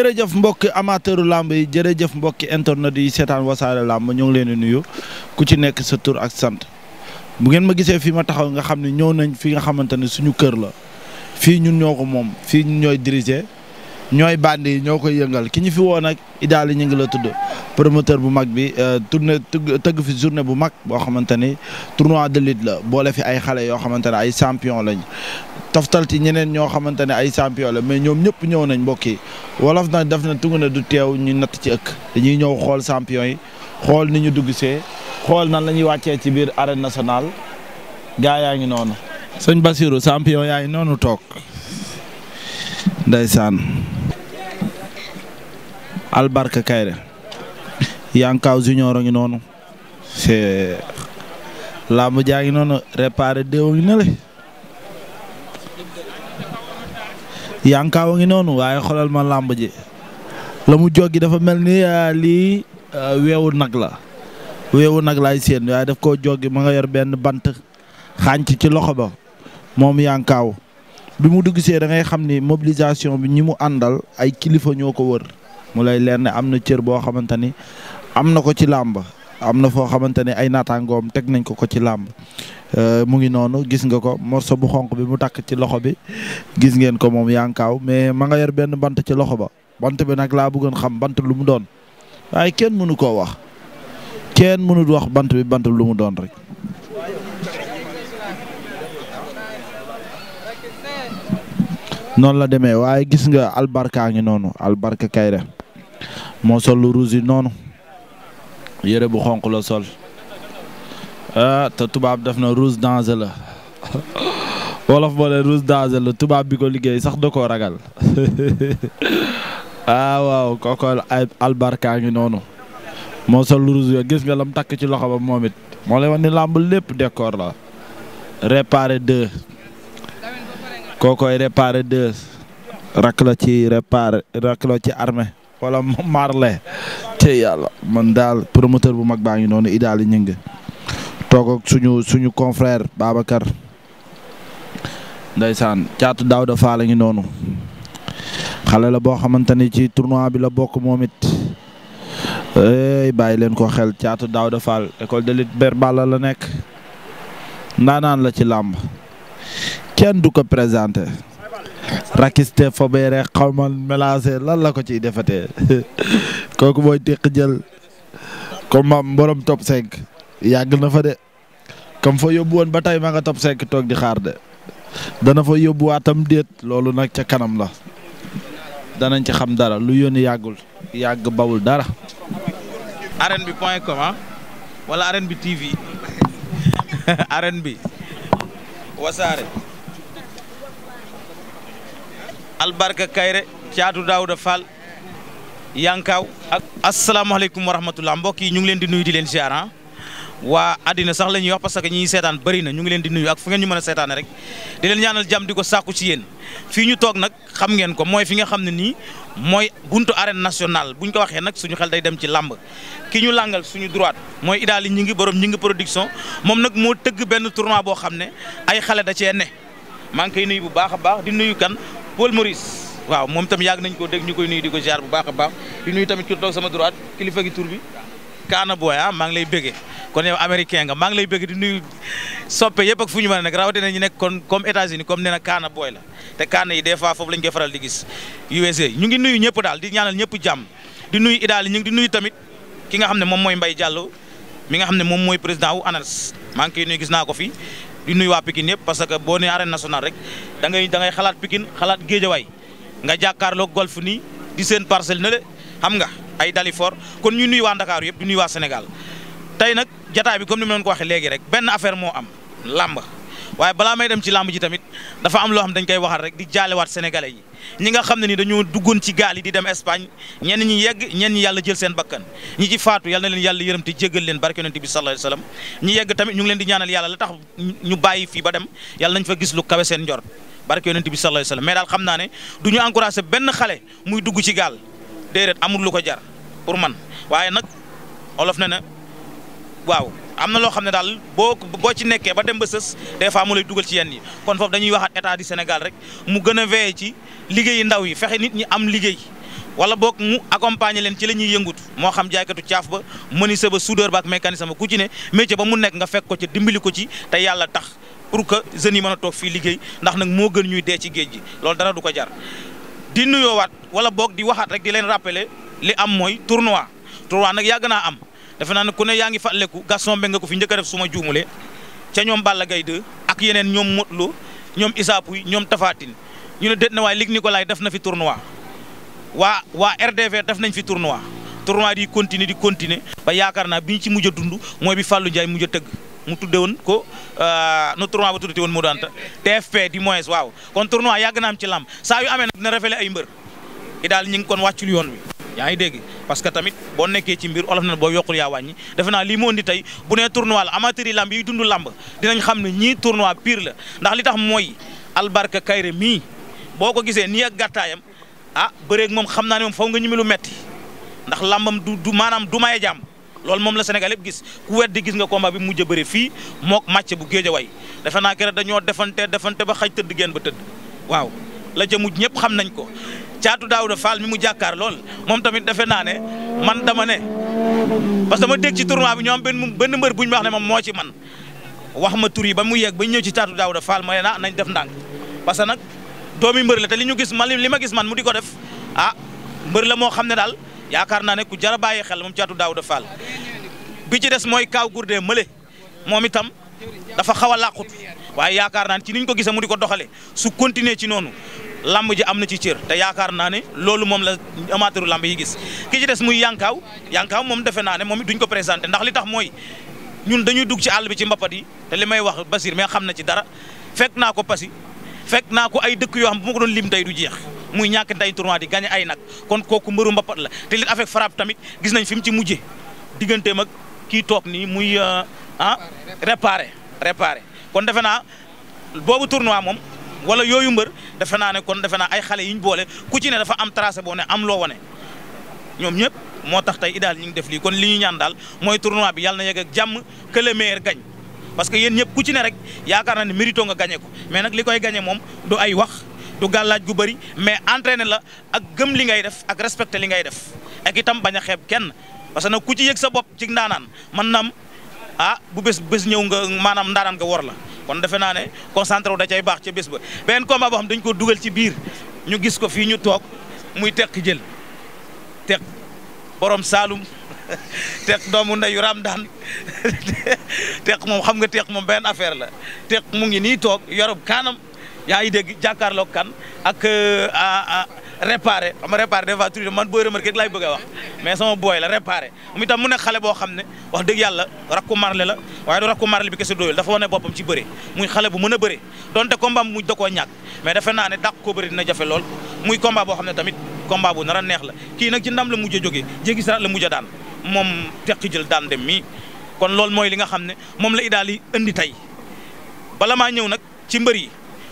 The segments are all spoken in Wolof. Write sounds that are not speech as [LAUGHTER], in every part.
jërëjëf mbokki amateuru làmb yi jërëjëf mbokki internet yi seetaan wasaare làmb ñoo ngi leen di nuyu ku ci nekk sa tur ak sant bu ngeen ma gisee fi ma taxaw nga xam ne ñëw nañ fi nga xamante ne suñu kër la fii ñun ñoo ko moom fii ñun ñooy diriger ñooy bandi yi ñoo koy yëngal ki ñu fi woo nag Idaly ñu ngi la tudd promoteur bu mag bi euh, tournée tëgg fi journée bu mag boo xamante ni tournoi de lutte la boole fi ay xale yoo xamante ne ay champion lañ toftal ci ñeneen ñoo xamante ne ay champion la mais ñoom ñëpp ñëw nañ mbokk yi wolof nag def na tungu ne du teew ñu natt ci ëkk dañuy ñëw xool champion yi xool ni ñu dugg see xool nan la ñuy wàccee ci biir arène national gaa yaa ngi noonu. sëñ Basirou champion yaa ngi noonu toog ndeysaan Albarka Kayre Yankaaw Junior a ngi noonu c'est làmb jaa ngi noonu réparé déew ngi na le Yankaaw a ngi noonu waaye xolal ma làmb ji la mu joggi dafa mel ni ah, lii ah, weewu nag la weewu nag laay séen waaye daf koo joggi ma nga yor benn bant xànc ci loxo ba moom Yankaaw bi mu dugg see da ngay xam ni mobilisation bi ñi mu àndal ay kilifa ñoo ko wër mu lay leer ne am na cër boo xamante ni am na ko ci làmb am na foo xamante ne ay naataangoom teg nañ ko ko ci làmb euh, mu ngi noonu gis nga ko morso bu xonq bi mu takk ci loxo bi gis ngeen ko moom yankaaw mais ma nga yor benn bant ci loxo ba bant bi nag laa bëggoon xam bant lu mu doon waaye kenn mënu koo wax kenn mënut wax bant bi bant lu mu doon rek. noonu la demee waaye gis nga albarka ngi noonu albarka kayre moo sol lu rouge yi noonu yére bu xonq la sol ah te tubaab def na rouge danger la [LAUGHS] wolof moo leen rouge danger la tubaab bi ko liggéey sax da koo ragal [LAUGHS] ah waaw kookol ay albarka ngi noonu moo sol lu rouge gis nga la mu takk ci loxo ba moom it moo lay wax ni làmb lépp décor la réparé deux kookoy réparé deux rak la ci réparé ci armée wala Marley te yàlla man daal promoteur bu mag baa ngi noonu Idaly Gningue toog ak suñu suñu confrère Babacar ndeysaan caatu daaw dafa la ngi noonu xale la boo xamante ni ci tournoi bi la bokk moom it ey bàyyi leen ko xel caatu Daouda Fall école de lutte Berballa la nekk ndaanaan la ci làmb kenn du ko présenté rakiste fobeere xaw ma mélangé lan la ko ciy defatee [LAUGHS] kooku mooy teq jël combat borom top 5 yàgg na fa de comme fa yóbbu ba tey ma nga top 5 toog di xaar de dana fa yóbbuwaatam déet loolu nag ca kanam la danañ ci xam dara lu yónni yàggul yàgg bawul dara. arène bi point com ah? wala arène TV [LAUGHS] arène wasaare. albarka kayre caatu daawuda fall yankaaw ak asalaamaaleykum wa rahmatullah mbokk yi ñu ngi leen di nuyu di leen ziar ah. waa àddina sax la ñuy wax parce que ñi seetaan bëri na ñu ngi leen di nuyu ak fu ngeen ñu mën a seetaane rek di leen ñaanal jàmm di ko sàkku ci yéen fii ñu toog nag xam ngeen ko mooy fi nga xam ne nii mooy buntu arène bu ñu ko waxee nag suñu xel day dem ci làmb ki ñu langal suñu droite mooy idaali ñi ngi borom ñi ngi production moom nag moo tëgg benn tournoi boo xam ne ay xale da cee ne ngi koy nuyu bu baax a baax di nuyu kan Paul Maurice waaw moom itam yàgg nañ ko dégg ñu koy nuyu di ko ziar bu baax a baax di nuyu tamit ki toog sama droite kilifa gi tur bi Kaana Boy ah maa ngi lay bëggee kon yow américain nga maa ngi lay bëgg di nuyu soppe yëpp ak fu ñu mën a nekk rawatina ñu nekk kon comme États-Unis comme nee na Kaana Boy la te Kaana i des fois foofu lañ koy faral di gis USA ñu ngi nuyu ñëpp daal di ñaanal ñëpp jàmm di nuyu idaal ñu ngi di nuyu tamit ki nga xam ne moom mooy mbay Diallo mi nga xam ne moom mooy président wu ANAS maa ngi koy gis naa ko fi di nuyu waa Pikine yëpp parce que boo nee arène nationale rek dangay dangay da ngay xalaat Pikine xalaat Géejawaay nga jàkkaarloog golf nii di seen parcelle ne xam nga ay Dalifort kon ñu nuyu waa Ndakaaru yëpp di nuyu waa Sénégal tey nag jataay bi comme ni ma leen ko waxee léegi rek benn affaire moo am làmb waaye balaa may dem ci làmb ji tamit dafa am loo xam dañ koy waxal rek di jaalewaat sénégalais yi ñi nga xam ne ni dañoo duggoon ci gaal yi di dem Espagne ñenn ñi yegg ñenn ñi yàlla jël seen bakkan ñi ci faatu yal na leen yàlla yërëm te jéggal leen barke yonent bi sallallahu alayhi wasallam ñi yegg tamit ñu ngi leen di ñaanal yàlla la tax ñu bàyyi fii ba dem yàlla nañ fa gis lu kawe seen njort barke yonent bi sallallahu alayhi wasallam mais daal xam naa ne du ñu benn xale muy dugg ci gaal déedéet amul lu ko jar pour man waaye nag na waaw am na loo xam ne daal boo boo ci nekkee ba dem ba sës des fois mu lay dugal ci yenn yi kon foofu dañuy waxaat état di Sénégal rek mu gën a veillé ci liggéeyu ndaw yi fexe nit ñi am liggéey wala boog mu accompagner leen ci la ñuy yëngutu moo xam jaaykatu caaf ba menuisier ba soudeur ba ak mécanicien ba ku ci ne métier ba mu nekk nga fekk ko ca dimbali ko ci te yàlla tax pour que jeunes yi mën a toog fii liggéey ndax nag moo gën ñuy dee ci géej gi loolu dara du ko jar di nuyoowaat wala boog di waxaat rek di leen rappeler li am mooy tournoi tournoi nag yàgg naa am defe naa ne ku ne yaa ngi fàttaliku Gaston Mbengue nga ko fi njëkk a def suma juumule ca ñoom Balla Gaye 2 ak yeneen ñoom Modou Lo ñoom Issa Pouye ñoom tafaatin ñu ne déet na waaye Luc Nicolaï def na fi tournoi waa waa RDV def nañ fi tournoi tournoi di continuer di continuer ba yaakaar naa bi ñu ci mujj a dund mooy bi Fallou Ndiaye mujj tëgg mu tudde woon ko euh, no tournoi ba tuddate woon mu daan TFP du moins waaw kon tournoi yàgg na am ci làmp saa yu amee na dina révéler ay mbër i daal ngi kon wàccul yoon wi yaa ngi dégg parce que tamit boo nekkee ci mbir olof na boo yokkul yaa wàññi defe naa lii moo indi tey bu nee tournoi la amateur yi lamb yi dund lamb dinañ xam ne ñii tournoi pire la ndax li tax mooy albarka kayre mii boo ko gisee ni ak gàttaayam ah bëreeg moom xam naa ne moom faw nga ñimi lu metti ndax lambam du du maanaam du maye jàmm loolu moom la Sénégal yëpp gis ku weddi gis nga combat bi mujj a bëre fii mook match bu way defe naa keroog dañoo defante defante ba xaj tëdd geen ba tëdd waaw xam nañ ko caatu Daouda faal mi mu jàkkaar lool moom tamit defe naa ne man dama ne parce que ma dégg ci tournoi bi ñoom benn benn mbër bu ñu wax ne moom moo ci man wax ma tur yi ba mu yegg ba ñëw ci caatu Daouda Fall ma ne ah nañ def ndànk parce que nag doomi mbër la te li ñu gis man li ma gis man mu di ko def ah mbër la moo xam ne daal yaakaar naa ne ku jar a bàyyi xel moom caatu Daouda Fall bi ci des mooy Kaaw Gourdé Mële moom itam dafa xaw a làqut waaye yaakaar naa ne ci niñ ko gisee mu di ko doxalee su continuer ci noonu. làmb ji am na ci cër te yaakaar naa ne loolu moom la amateuru lamb yi gis ki ci des muy yankaaw yankaaw moom defe naa ne moom it duñ ko présenté ndax li tax mooy ñun dañuy dugg ci àll bi ci mbapat yi te li may wax Basir mais xam na ci dara fekk naa ko Passy fekk naa ko ay dëkk yoo xam bu ma ko doon lim tey du jeex muy ñàkk tey tournoi di gagné ay nag kon kooku mbëru mbapat la te li avec frappe tamit gis nañ fi mu ci mujje digganteem ak kii toog nii muy euh, ah réparé réparé kon defe naa boobu tournoi moom. wala yooyu mbër defe naa ne kon defe naa ay xale yi ñu boole ku ci ne dafa am tracé boo ne am loo wane ñoom ñëpp moo tax tey idaal ñu ngi def lii kon li ñu ñaan daal mooy tournoi bi yàlla na yegg ak jàmm que le meilleur parce que yéen ñëpp ku ci ne rek yaakaar naa ne mérito nga gagné ko mais nag li koy gagné moom du ay wax du gàllaaj gu bëri mais entraîné la ak gëm li ngay def ak respecté li ngay def ak itam bañ a xeeb kenn parce que nag ku ci yëg sa bopp ci ndaanaan man naam ah bu bés bés ñëw nga maanaam ndaanaan nga wor la kon defe naa ne concentré wu da cay baax ca bés ba beneen combat boo xam dañ ko dugal ci biir ñu gis ko fii ñu toog muy teq jël teq borom Saalum [LAUGHS] teq doomu ndeyu Ramdaan [LAUGHS] teq moom xam nga teq moom benn affaire la teq mu ngi nii toog yorub kaanam yaa ngi dégg jàkkaarloog kan ak. Euh, réparé xam nga réparé des fois tuuti man booy remarqué rek laay bëgg a wax mais sama booy la réparé mu itam nekk xale boo xam ne wax dëgg yàlla rakku marle la waaye du rakku marle bi kese doyul dafa wane boppam ci bëre muy xale bu mën a bëre donte combat mu mujj da koo ñàkk mais defe naa ne dàq ko bëri dina jafe lool muy combat boo xam ne tamit combat bu nar a neex la kii nag ci ndam la mujj a jógee jéggi saraat la mujj a daan moom teqi jël daan dem mii kon loolu mooy li nga xam ne moom la idaal yi indi tey bala maa ñëw nag ci mbër yi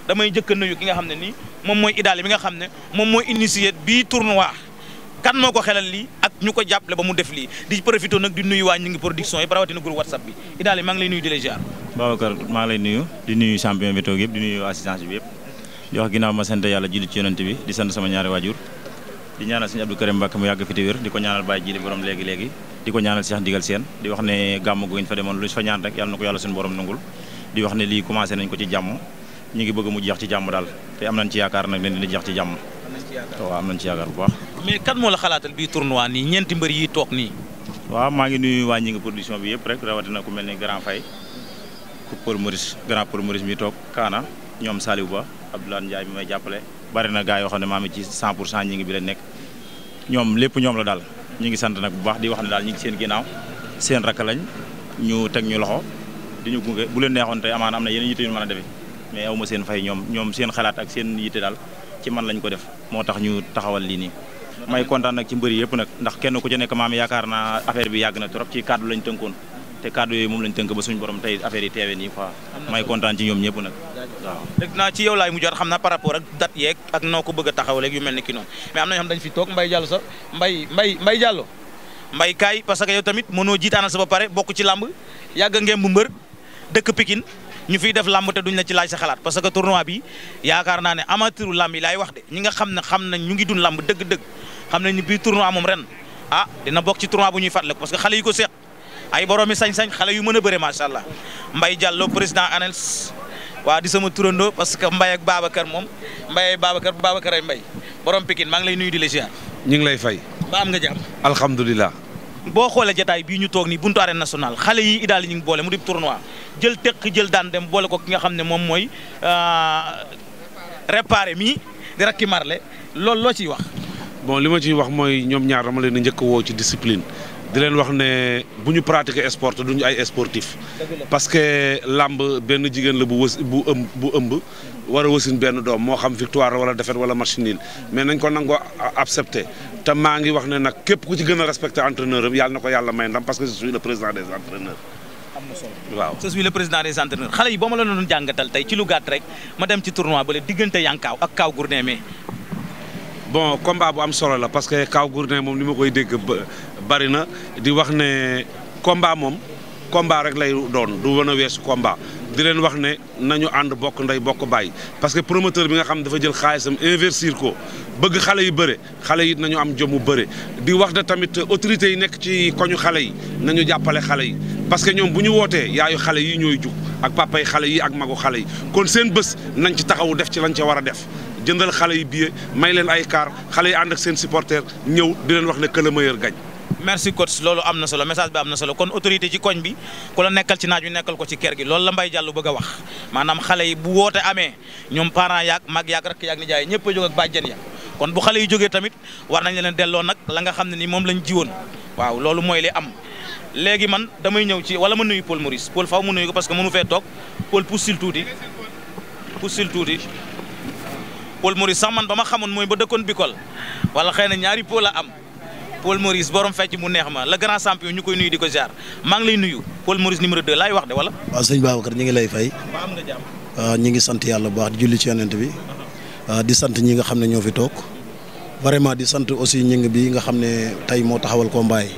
damay njëkk a nuyu ki nga xam ne nii moom mooy idaal bi nga xam ne moom mooy initié bi tournoi kan moo ko xelal lii ak ñu ko jàppale ba mu def lii di profité nag di nuyu waa ñu ngi production yi rawatina groupe di nuyu di nuyu champion bi toog yëpp di nuyu assistance bi yëpp di wax ginnaaw bi di sant sama ñaari waajur di ñaanal sëñ Abdou Karim Mbacke mu yàgg fi te wér di ko ñaanal Baye Jili borom léegi léegi di ko na ko yàlla suñu borom nangul lii commencé nañ ko ci jàmm ñu ngi bëgg mu jeex ci jàmm daal te am nañ ci yaakaar nag ne dina jeex ci jàmm. waaw am nañ ci yaakaar bu baax. mais kan moo la xalaatal bii tournoi nii ñeenti mbër yi toog nii. waaw maa ngi nuyu waa ñi ngi production bi yëpp rek rawatina ku mel ni Grand ku Paul Maurice Grand Paul mi toog Kaana ñoom Saliou Ba Abdoulaye Ndiaye mi may jàppale. bari na gaa yoo xam ne maa ngi ci 100 pour cent ñi ngi bi la nekk ñoom lépp ñoom la daal ñu ngi sant nag bu baax di wax ne daal ñi ngi seen ginnaaw seen rakk lañ ñu teg ñu loxo di ñu gunge bu leen neexoon tey amaana am na yeneen yitte a defee mais aw ma seen fay ñoom ñoom seen xalaat ak seen yitte daal ci man lañ ko def moo tax ñu taxawal lii nii. may kontaan nag ci mbër yëpp nag ndax kenn ku ci nekk maam yaakaar naa affaire bi yàgg na trop ci kàddu lañ tënkoon te kàddu yooyu moom lañ tënk ba suñu borom tey affaire yi teewee nii quoi may kontaan ci ñoom ñëpp nag waaw. naa ci yow laay mujjaat xam naa par rapport ak date yeeg ak noo ko bëgg a taxawaleeg yu mel ni ki noonu mais am na ñoo xam dañ fi toog Mbaye Diallo sax Mbaye Mbaye Mbaye Diallo Mbaye kaay parce que tamit mënoo jiitaanal sa ba pare bokk ci làmb yàgg ngeen bu mbër dëkk Pikine ñu fiy def làmb te duñ la ci laaj sa xalaat parce que tournoi bi yaakaar naa ne amateuru làmb yi laay wax de ñi nga xam ne xam nañ ñu ngi dun làmb dëgg-dëgg xam nañ ni bii tournoi moom ren ah dina bokk ci tournoi bu ñuy la parce que xale yu ko seq ay boroomi sañ-sañ xale yu mën a bëre macha allah Mbaye Diallo président ANELS waa di sama turando parce que Mbaye ak Babacar moom Mbaye Babacar Babacar ay mbay borom Pikine maa ngi lay nuyu di la ziar. ñu ngi lay fay. am nga jàmm. alhamdulilah. boo xoolee jataay bii ñu toog nii buntu arène nationale xale yi daal yi ñu ngi boole mu di tournoi jël teq jël daan dem boole ko ki nga xam ne moom mooy euh, réparé mi di rakki marle loolu loo ciy wax. bon li ma ciy wax mooy ñoom ñaar dama leen a njëkk woo ci discipline di leen wax ne bu ñu pratiquer sport duñu ay sportif. parce que làmb benn jigéen la bu bu ëmb bu ëmb. war a wasin benn doom moo xam victoire wala défaite wala machine mais nañ ko nangoo accepté te maa ngi wax ne nag képp ku ci gën a respecté entraîneur am yàlla na ko yàlla may ndam parce que je suis le président des entraîneurs. am na solo waaw je suis le président des entraîneurs xale yi boo ma la doon jàngatal tey ci lu gàtt rek ma dem ci tournoi ba la diggante Yankaaw ak Kaaw Gourdin bon combat bu am solo la parce que Kaaw Gourdin moom li ma koy dégg bari na di wax ne combat moom combat rek lay doon du wan a weesu combat di leen wax ne nañu ànd bokk ndey bokk bàyyi parce que promoteur bi nga xam dafa jël xaalisam investir ko bëgg xale yi bëre xale yi nañu am jom mu bëre di wax da tamit autorités yi nekk ci koñu xale yi nañu jàppale xale yi parce que ñoom bu ñu wootee yaayu xale yi ñooy jug ak papay xale yi ak magu xale yi kon seen bës nañ ci taxawu def ci lañ ca war a def jëndal xale yi billet may leen ay car xale yi ànd ak seen supporter ñëw di leen wax ne que le meilleur merci coach loolu am na solo message bi am na solo kon autorité ci koñ bi ku la nekkal ci naaj wi nekkal ko ci ker gi loolu la Mbaye Diallo bëgg a wax maanaam xale yi bu woote amee ñoom parent yaag mag yaag rakk yaag nijaay ñëpp a jóg ak bàjjen ya kon bu xale yi jógee tamit war nañ leen delloo nag la nga xam ne nii moom lañ jiwoon waaw loolu mooy li am léegi man damay ñëw ci wala ma nuyu Paul Maurice Paul faw mu nuyu ko parce que mënu fee toog Paul pussil tuuti pussil tuuti Paul Maurice sax man ba ma xamoon mooy ba dëkkoon Bicol wala xëy na ñaari Paul la am Paul Maurice borom fecc mu neex ma le grand champion ñu koy nuyu di ko ziar maa ngi lay nuyu Paul Maurice numéro 2 laay wax de wala. waaw sëñ Babacar lay fay. waaw ah, ngi sant yàlla bu baax di julli ci yonent bi ah, di sant ñi nga xam ne ñoo fi toog vraiment di sant aussi ñing bi nga xam ne tey moo taxawal ko mbaay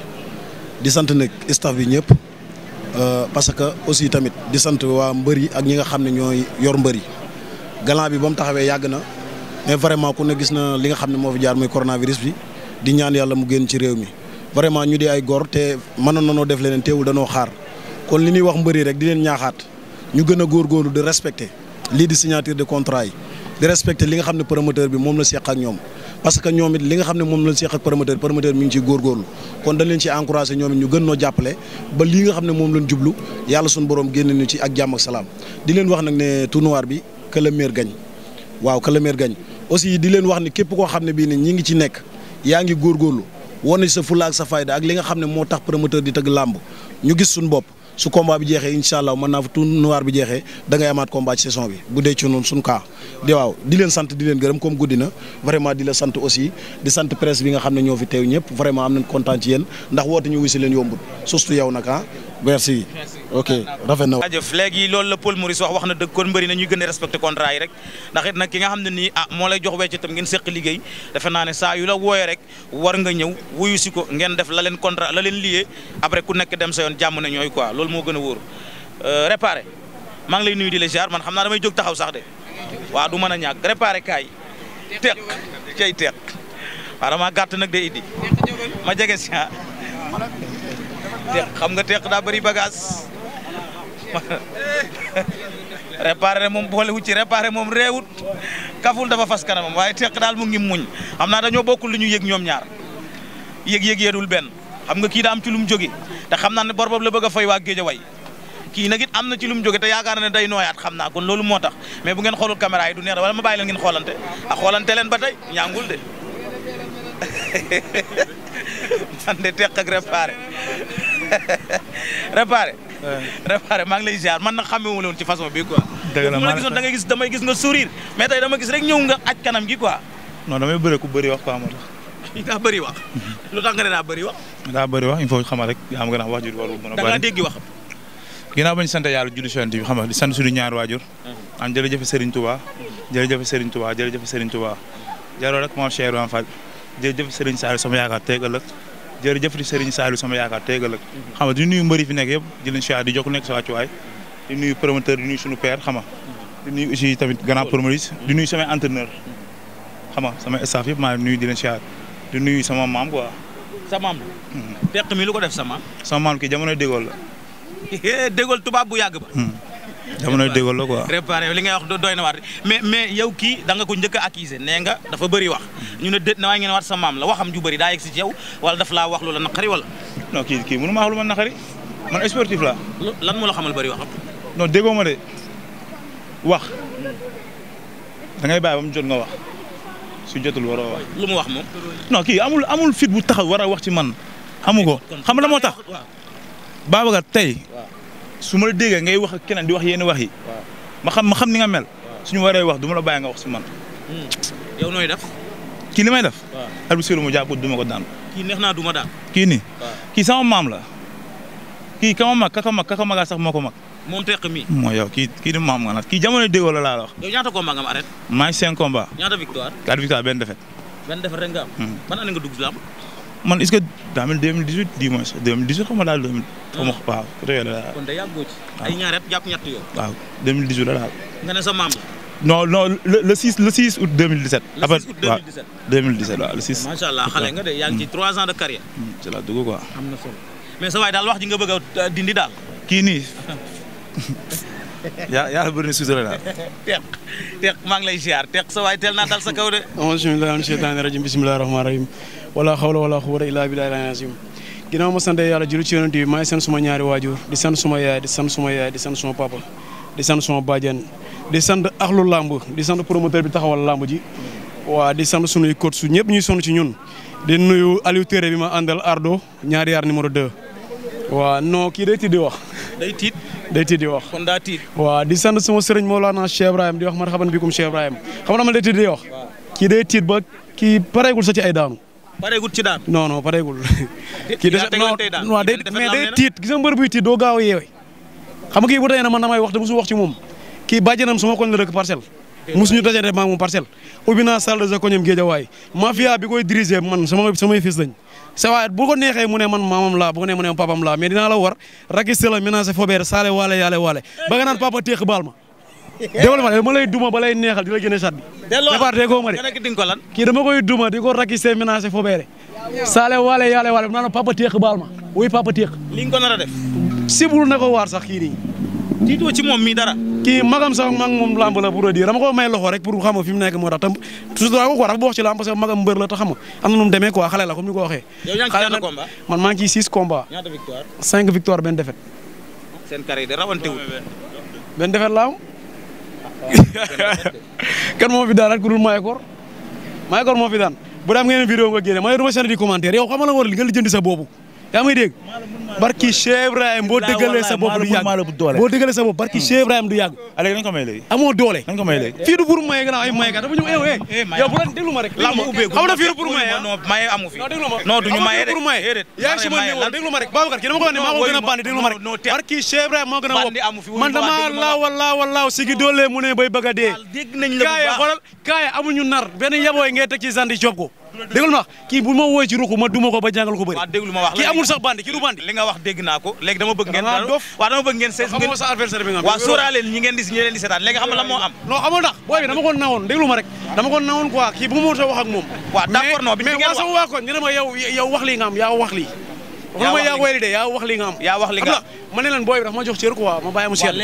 di sant nag staff bi ñëpp ah, parce que aussi tamit di sant waa mbër yi ak ñi nga xam ne ñooy yor mbër yi galan bi ba mu taxawee yàgg na mais vraiment ku ne gis na li nga xam ne moo fi jaar muy coronavirus bi. di ñaan yàlla mu génn ci réew mi vraiment ñu di ay góor te a nanoo def leneen teewul danoo xaar kon li ñuy wax mbëri rek di leen ñaaxaat ñu gën a góorgóorlu di respecté lii di signature de contrat yi di respecté li nga xam ne promoteur bi moom la seq ak ñoom parce que ñoom it li nga xam ne moom la seq ak promoteur promoteur mi ngi ciy góorgóorlu kon dañ leen ci encouragé ñoom it ñu gën noo jàppale ba lii nga xam ne moom lañ jublu yàlla suñu borom génn ñu ci ak jàmm ak di leen wax nag ne tournoi bi que le meilleur gagne waaw que le meilleur di leen wax ne képp koo xam ne bii ne ñi ngi ci nekk yaa ngi góor góorgóorlu wane sa fulla ak sa fayda ak li nga xam ne moo tax promoteur di tëgg làmb ñu gis suñu bopp su combat bi jeexee incha allah mën naa fa tout noir bi jeexee da ngay amaat combat ci saison bi bu dee ci noonu suñu kaa di waaw di leen sant di leen gërëm comme guddi na vraiment di la sant aussi di sant presse bi nga xam ne ñoo fi teew ñëpp vraiment am na kontaan ci yéen ndax woote ñu wuy si leen yombul surtout yow nag ah merci ok rafet na. jaajëf loolu la Paul Maurice wax wax na dëgg kon mbëri na ñuy gën a respecté contrat yi rek ndax it ki nga xam ne nii ah moo lay jox wecc tam ngeen seq liggéey defe naa ne saa yu la wooyee rek war nga ñëw wuyu si ko ngeen def la leen contrat la leen lié après ku nekk dem sa yoon jàmm na ñooy quoi loolu moo a wóor euh, réparé maa ngi lay nuyu di la ziar man xam naa damay jóg taxaw sax de waaw du mën a ñàkk réparé kaay teq cay teq waaw gàtt nag de idi ma jege si a ah. teq xam nga teq daa bari bagage [LAUGHS] réparé moom boole wu ci réparé moom réewut kaful dafa fas kanamam waaye teq daal mu ngi muñ xam naa dañoo bokkul li ñu yeg ñoom ñaar yeg yëg yeedul benn xam nga kii daa am ci lu mu jóge te xam naa ne bor boobu la bëgg a fay waa géej a way kii nag it am na ci lu mu jóge te yaakaar ne day nooyaat xam naa kon loolu moo tax mais bu ngeen xoolul caméra yi du neex wala ma bàyyi leen ngeen a ah, xoolante leen ba tey ñaangul de [LAUGHS] man de teq ak réparé [LAUGHS] [LAUGHS] réparé maa ngi lay ziar man nag xamewuma woon ci façon bi quoi. dëgg la da ngay damay gis nga sourire mais tey dama gis rek ñëw nga aj kanam gi quoi. non damay bëre ku bëri wax quoi moo tax. [LAUGHS] daa bëri wax. [LAUGHS] lu tax nga ne daa bëri wax. daa bëri wax rek yaa am nga wax ju warul mën a bëri da ngaa dégg wax. a bañ sant yàlla julli sant bi xam nga di sant suñu ñaar waajur. Uh-huh. am jërëjëf Serigne Touba. jërëjëf Serigne Touba jërëjëf Serigne Touba. jaroo rek moom Cheikh Ibrahima Fall jërëjëf Serigne Sall sama yaakaar teeg ëllëg jërëjëf di Serigne Saliou sama yaakaar teegal ak xam nga di nuyu mbëri fi nekk yëpp di leen siyaar di jox ku nekk sa wàccuwaay di nuyu promoteur di nuyu suñu père xam nga di nuyu tamit grand promoteur di nuyu samay entraîneur xam nga sama staff yëpp maa nuyu di leen siyaar di nuyu sama maam quoi. sa maam. peq hmm. mi lu ko def sama. sama maam ki jamono dégool la. [LAUGHS] dégool tubaab bu yàgg ba. Hmm. jamono déggal la quoi. réparé li ngay wax doy na waat mais mais yow kii danga ko njëkk a accusé nee nga dafa bari wax ñu ne déet na waa ngeen waat sa maam la waxam ju bari daa yegg si ci yow wala daf laa wax loola naqari wala. non kii kii mënu ma wax lu ma naqari man sportif la lan moo la xamal bëri waxam. non déggoo ma de wax da ngay bàyyi ba mu jot nga wax su waroo wax. lu mu wax moom. non kii amul amul fit bu taxaw war a wax ci man. amu ko xam la moo tax Babacar tey. su ma la déggee ngay wax ak keneen di wax yenn wax yi. ma xam ma xam ni nga mel. suñu waree wax du ma la bàyyi nga wax si man. Hmm. yow nooy def. kii li may def. waaw arbitre mu jàpp du ko daan. kii neex naa du ma kii nii. kii sama maam la. kii kama mag kaka mag kaka magaa sax moo ko mag. moom teq mi. mooy yo kii kii di maam nga nag kii jamono déggoo la laa la wax. yow ñaata combat nga am maa ngi cinq combat. ñaata victoire. quatre victoire benn défaite. benn défaite rek nga am. Hmm. ban année man est-ce que daa mel 2018 dimanche 2018 xam nga daal 2000. xam nga waaw côté yooyu la daal. kon de yàggoo ci. Ah. ay ñaar rek jàpp ñett yow. waaw 2018 la daal. nga ne sa maam la. non non le le 6 le 6 août 2017. après waaw 2017 waaw nga de yaa ci 3 hmm. ans de carrière. Hmm, ci laa dugg quoi. sa waay daal wax ji nga bëgg euh, dindi daal. kii [LAUGHS] yaa yàlla bëri daal. teq teq maa ngi lay ziar teq sa waay teel naa sa kaw de. auzu billaahi mina sheytaani rajiim bismillaahi wala xawla wala xuwwata illaa billaahi al azim ginnaaw ma sante yàlla julli ci yonent bi maa ngi sant suma ñaari waajur di sant suma yaay di sant suma yaay di sant suma papa di sant suma bàjjen di sant axlu làmb di sant promoteur bi taxawal làmb ji waa di sant sunuy coach su ñëpp ñuy sonn ci ñun di nuyu Aliou Téré bi ma àndal Ardo ñaari yaar numéro 2 waa non kii day tiit di wax. day tiit day tiit di wax. kon daa waa di sant suma sëriñ laa Cheikh Ibrahim di wax marhaban bikum Cheikh Ibrahim xam nga day tiit di wax. kii day tiit ba kii pareegul sa ci ay daanu. pareegul ci daan non non pareegul. [LAUGHS] kii des non waaw day tiit gis nga mbër buy tiit doo gaaw a yeewee xam nga kii na man damay wax te musu wax ci moom kii bàjjanam sama koñ la dëkk parcelle. musu ñu dajante maa ngi parcelle. ubbi naa salle de sa koñam géejawaay mafia bi koy diriger man sama samay fils lañ sa waay bu neexee mu ne man maamam laa bu ko neexee mu ne man papam laa mais dinaa la war rakiste la ménage fobeer saale waale yaale waale ba nga naan papa téex baal ma déggoo ma ma lay duma neexal di la génne sàddi. delloo départé goo ma de. nga ko lan. kii dama koy duma di ko rakise menacé fo beere. saale waale yaale waale naan papa teex baal ma wuy papa teex. li nga na ko waar sax kii nii. kii magam sama mag moom lamb la a dire dama ko may loxo rek pour xam nga mu nekk moo tax tam sutura ko quoi dafa bokk ci lamb parce que magam mbër la te xam nga am na nu mu demee quoi ni ko waxee. yow man maa ngi ciy 6 [LAUGHS] kan moo fi daan ak ku dul Mayakor Mayakor moo fi daan bu daan ngeen vidéo nga génne ma ne du ma di commentaire yow xamal nga nga lijjanti sa boobu yaa may dégg barki Cheikh Ibrahim boo dëggalee sa du yàgg boo dëggalee sa hmm. du yàgg amoo doole fii du pour maye gannaaw ay maye kat dafa ñëw eh, eh. eh bu doon déglu ma rek lamb ubbeeku xam na ah? yaa ngi si ma néew ba ma rek Babacar ki a bandi déglu ma rek barki a wopp a dee amuñu nar benn yabooy ngay teg sandi job ko déglu ma wax kii bu ma wooy ci ruxu ma duma ko ba jàngal ko bëri kii amul sax bandi kii du bandi li nga wax dégg naa ko léegi dama bëgg ngeen waaw dama bëgg ngeen seetaan léegi xam nga am non xamul ndax booy bi dama ko nawoon déglu ma rek dama ko nawoon quoi kii bu ma mënut a wax moom waaw d'accord non waa koñ ñu ne ma yow yow wax lii nga am waxuma yaa wéyli de yaa wax li nga am yaa wax li nga am ma ne leen booy bi dafa ma jox cër quoi ma bàyyi mu seet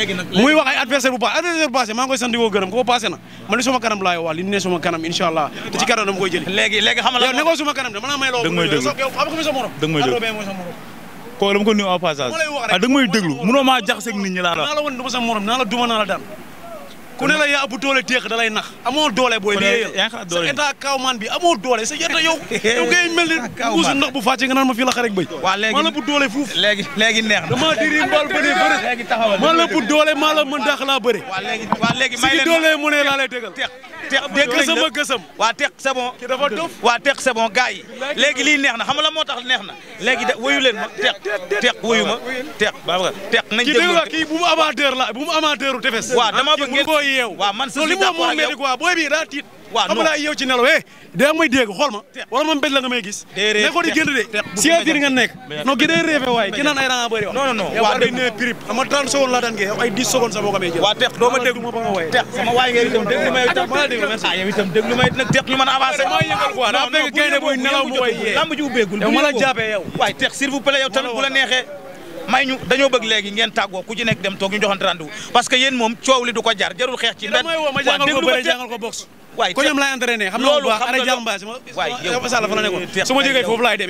muy wax ay adversaire bu baax adversaire koy sant di ko gërëm na ma ne suma kanam laay wax li ne suma kanam incha allah te ci kanam koy jëli ne ko suma kanam de mën naa may loo xam nga sa ko nuyu en passage ah dëgg may déglu mënoo maa jaxase ak nit ñi laa la la won du ma sa morom naa la duma naa la daan ku ne yaa ëpp doole téex da lay nax amoo doole booy liggéeyal sa état kawman bi amoo doole sa yetta yow [LAUGHS] yow ngay mel ni mbuusu ndox bu fàcce nga naan ma fii la xarek bëy maa la bu doole fuuf léegi léegi neex na dama diri mbaal bëri bëri maa la bu doole maa la mën daax laa bëri si doole mu ne laa lay tegal tex dégg nañ la gësëm waa tex c'est bon dafa dof lii neex na xam nga la moo tax neex na léegi da wëyu leen ma tex tex wëyu ma tex tex nañ déglu kii bu mu amateur la bu mu amateuru tefes yeew waaw man li a moom mel ni quoi booy bi daa tiit waaw xam naa yeew ci nelaw eh daa may dégg xool ma wala moom mbéj nga may ne ko di gént de si dir nga nekk non gi day réefé waaye ki naan ay ranga bëri non non non waaw day ne prip ama 30 secondes doo ma dégg ma ba nga waaye tex sama waay ngay itam déglu may itam ma déglu merci ah, yow itam déglu may nag tex ñu mën a avancé ma yëngal nelaw mu way yee lamb ji ubbeegul yow ma la jàppee yow waaye tex s'il vous plaît yow tamit bu may ñu dañoo bëgg léegi ngeen tàggoo ku dem toog ñu joxante rendez-vous parce que yéen moom coow li ko jar jarul xeex ci benn waaw jàngal ko boxe ko ñoom laay entraîné xam loolu baax ara jàll mbaas waay yow sala fa la nekkoon su ma jógee foofu laay ko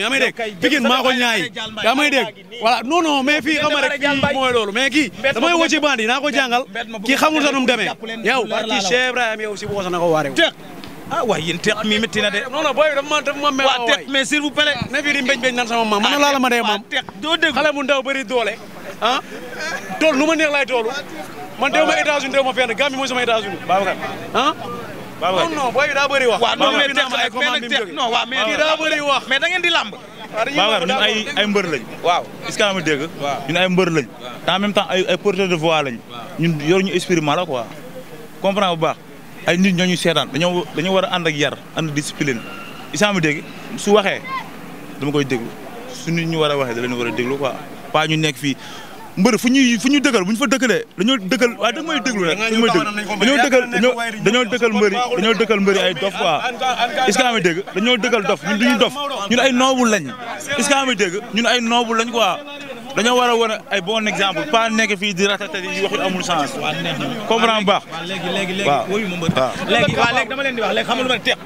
ñaay yaa may dégg voilà non non mais fii xam nga rek fii mooy loolu ci bandi naa ko jàngal kii xamul sa nu mu demee yow barki Cheikh Ibrahima yow si boosa na ko waaree ah waay yéen teq mi métti na de. dafa ma dafa ma mel. waaw teq mais s'il fi di mbéñ mbéñ naan sama maam ah, man laa la ma dee maam. teq doo dégg xale bu ndaw bëri doole ah tool nu ma neex laay toolu man dew ma États-Unis dew ma fenn Gambie mooy sama États-Unis Babacar ah wax. waaw mais teq non waaw mais kii di làmb. Babacar ñun ay mbër lañ. waaw est-ce ma dégg. waaw ñun ay mbër lañ. en même temps ay ay de voix lañ. ñun yor ñu esprit mala quoi comprend bu baax ay nit ñoo ñu seetaan dañoo dañoo war a ànd ak yar ànd discipline isaan bi dégg su waxee dama koy déglu su nit ñu war a waxee da leen war a déglu quoi pas ñu nekk fii mbër fu ñuy fu ñu dëkkal bu ñu fa dëkkalee dañoo dëkkal waaye da nga may déglu rek dañoo dëkkal dañoo dëkkal mbër yi dañoo dëkkal mbër yi ay dof quoi est-ce que amee dégg dañoo dëkkal dof ñun duñu dof ñun ay noobu lañ est-ce que amee dégg ñun ay noobu lañ quoi dañoo war a wane ay bon exemple pas nekk fii di ratata yi wax yu amul sens. comprendre bu baax waaw léegi léegi léegi. waaw leen di wax léegi xam nga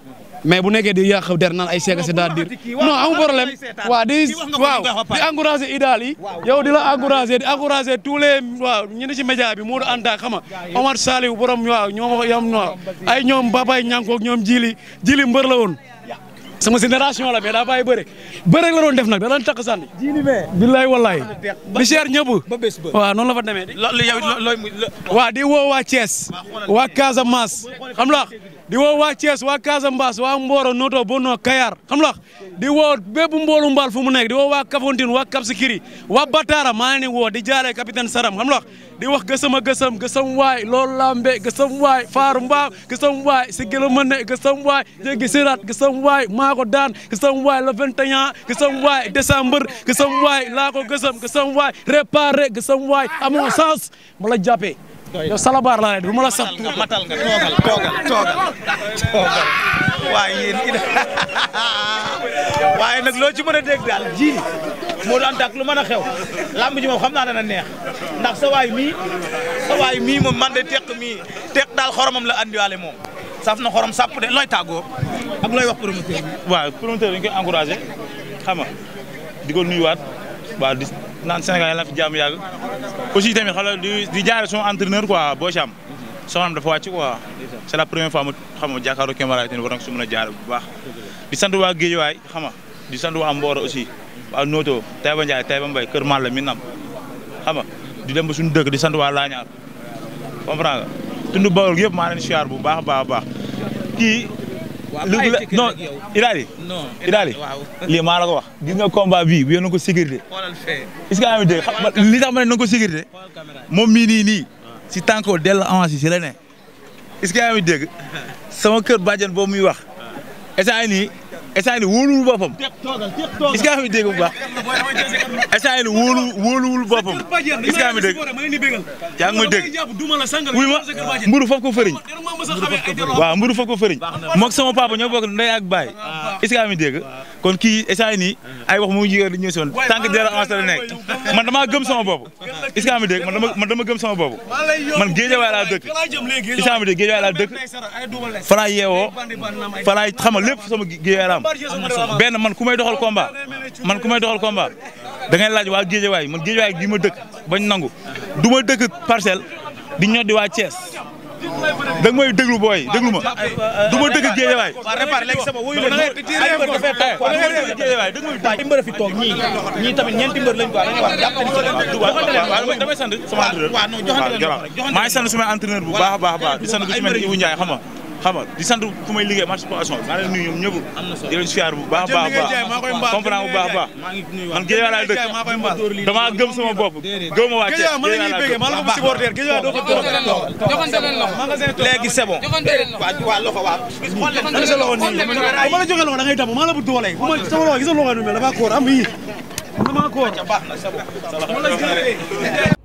mais bu nekkee di yàq der naan ay seega c'est-à-dire non amul problème waaw di waaw di encouragé di la encouragé di encouragé tous les waaw ñu ci média bi Modou Anta xama Omar Saliou borom waaw ñoom yam waaw ay ñoom Babaye ñankoog ñoom jili jili mbër la woon sama génération la mais daa bàyyi bëre bëre la doon def nag da doon takk sànni. jiili mais billaay wallaay. di cher ñëpp. ba bés la fa demee. lo waa di woo waa Thiès. waa Casamance xam la di woo waa Thiès waa Casamance waa Mboro Noto Bono Kayar xam nga di woo bépp mboolu mbaal fu mu nekk di woo waa Kafountine waa Cap waa Batara maa ngi woo di jaaree capitaine Saram xam nga di wax gësam a gësam gësam waay loolu lambe gësam waay faaru mbaaw waay si gëla waay jéggi sirat waay maa daan gësam waay le 21 waay décembre gësam waay laa ko gësam waay réparé gësam waay amoo sens ma la yow salabaar laa ne du ma la sax nga matal nga toogal toogal toogal toogal waaye yéen waaye nag loo ci mën a dégg daal ji moo daan tàkk lu mën a xew làmb ji xam naa dana neex ndax sa waay mii sa waay mii moom man de teq mii teq daal xoromam la andiwaale moom saf na xorom sàpp de looy tàggoo ak looy wax promoteur bi. waaw promoteur dañ koy encouragé xam nga di ko nuyuwaat waa di. naan Sénégal yàlla na fi jàmm yàgg aussi tamit di di jaare son entraîneur quoi Boy Cham soxnaam dafa wàcc quoi c'est la première fois mu xam nga jàkkaarloo Kémara te war na su mën a jaar bu baax di sant waa Guédiawaye xam nga di sant waa Mboro aussi waa Noto Taïba Ndiaye Taïba Mbaye Kër Malla Minam xam nga di dem ba suñu dëkk di sant waa Laañaar comprends nga tund Bawol yëpp maa leen siyaar bu baax a baax a baax kii non Idaly Idaly lii maa la ko wax gis nga combat bii bi yéen a ko sécurité est-ce que am dégg li tax ma ne na ko sécurité moom mii nii nii si tànkoo dellu avance yi si la ne est-ce que yaa ngi dégg [LAUGHS] sama kër bàjjen boobu muy wax ah. est-ce que nii instant yii wóoluwul boppam. est-ce que nga xam ne dégg bu baax instant yii wóolu wóoluwul boppam est-ce que nga xam wuy ma mburu foofu ko fëriñ waaw mburu foofu ko fëriñ moog sama papa ñoo bokk ndey baay ah. est-ce que kon kii instant yii ay wax mu ngi yëgal di ñëw si woon tant que dara avancé la nekk man damaa gëm sama bopp est-ce que nga xam ne man dama man dama bopp man géejawaay laa dëkk est-ce que nga xam ne dégg géejawaay laa dëkk fa laay yeewoo fa am benn man ku may doxal combat man ku may doxal komba da ngay laaj waa géejewaay man géejewaay gi ma dëkk bañ nangu du ma dëkk parcelle di ñod di waa Thiès da nga may déglu booy déglu ma du ma dëkk géejewaay. waaw a léegi sama wuyu leen ay mbër fi toog ñii ñii tamit ñeenti mbër lañ ko wax dañuy wax jàpp nañu si waaw damay sant sama entraîneur. waaw non joxante bu baax a baax a baax di sant ku ci mel ni Ibou Ndiaye xam xam nga di sant fu may liggéey participation bi maa leen nuyu ñoom ñëpp. am na solo bu baax baax baax comprendre bu baax baax. man géej laa dëkk damaa gëm sama bopp gëm ma waa Thiès géej laa dëkk baax léegi c'est bon. waaw waaw loxo waaw. xool sa loxo nii bu ma la joxee loxo da ngay damm maa la bu doole bu ma sama loxo gis nga loxo nu mel damaa koor am yii